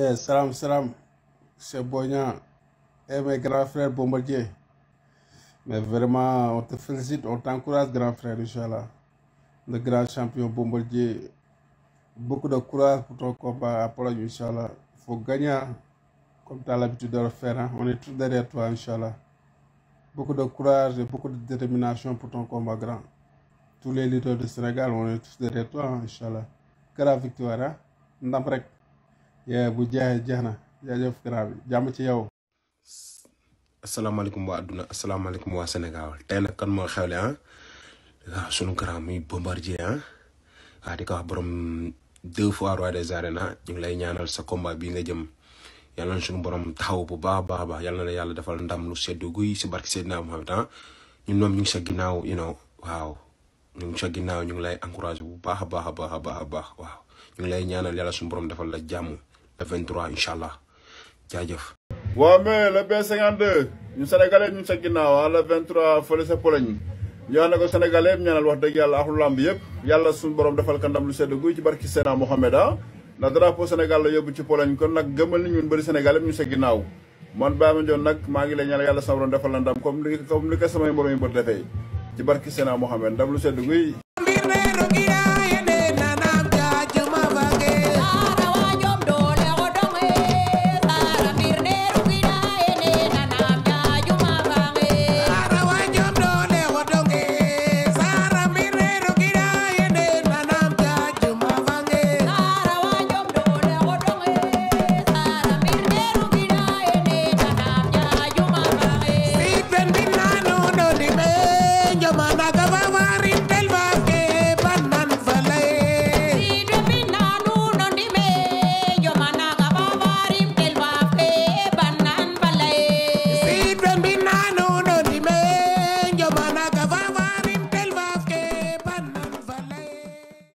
eh salaam salaam c'est Boy Niang eh mes grands frères Bombardier mais vraiment on te félicite on t'encourage grand frère inchallah le grand champion Bombardier beaucoup de courage pour ton combat à Pologne inchallah il faut l'habitude de le on est tous derrière toi inchallah beaucoup de courage et de détermination pour ton combat grand tous les leaders du Sénégal on est tous derrière toi inchallah grave victoire ndam rek yee bu jeexee jeex na jaajëf grand bi jàmm ci yow. asalaamaaleykum waa adduna asalaamaaleykum waa Sénégal tey nag kan moo xewle ah waaw ah, sunu grand muy bombardier ah, ah di ko borom deux fois roi des arènes ah ñu ngi lay ñaanal sa combat bii nga jëm yal sunu borom taxaw bu baax baax baax yal na la yàlla defal ndam lu sedd guy si barke Seydina Mohamed ah ñun ñoom ñu ngi sa ginnaaw you know waaw ñu ngi sa ginnaaw ñu ngi lay encouragé bu baax a baax a baax a baax waaw ñu ngi lay ñaanal yàlla sunu borom defal la jàmm. le 23 incha allah jaajëf. waaw mais le B52 ñu sénégalais ñu sa ginnaaw ah, le 23 fële sa Pologne ñaan na ko sénégalais ñaanal wax dëgg yàlla axul làmb yëpp yàlla suñu borom defal ka ndam lu sedd guy ci barki Seydina Mohamed ah ndax drapeau Sénégal la yóbbu ci Pologne kon nag gëmal ni ñun bëri Sénégal yëpp ñu sa ginnaaw man Baye Mandione nag maa ngi lay ñaanal yàlla sama borom defal la ndam comme li comme li ko samay moroom yi bët defee ci barki Seydina Mohamed ndam lu sedd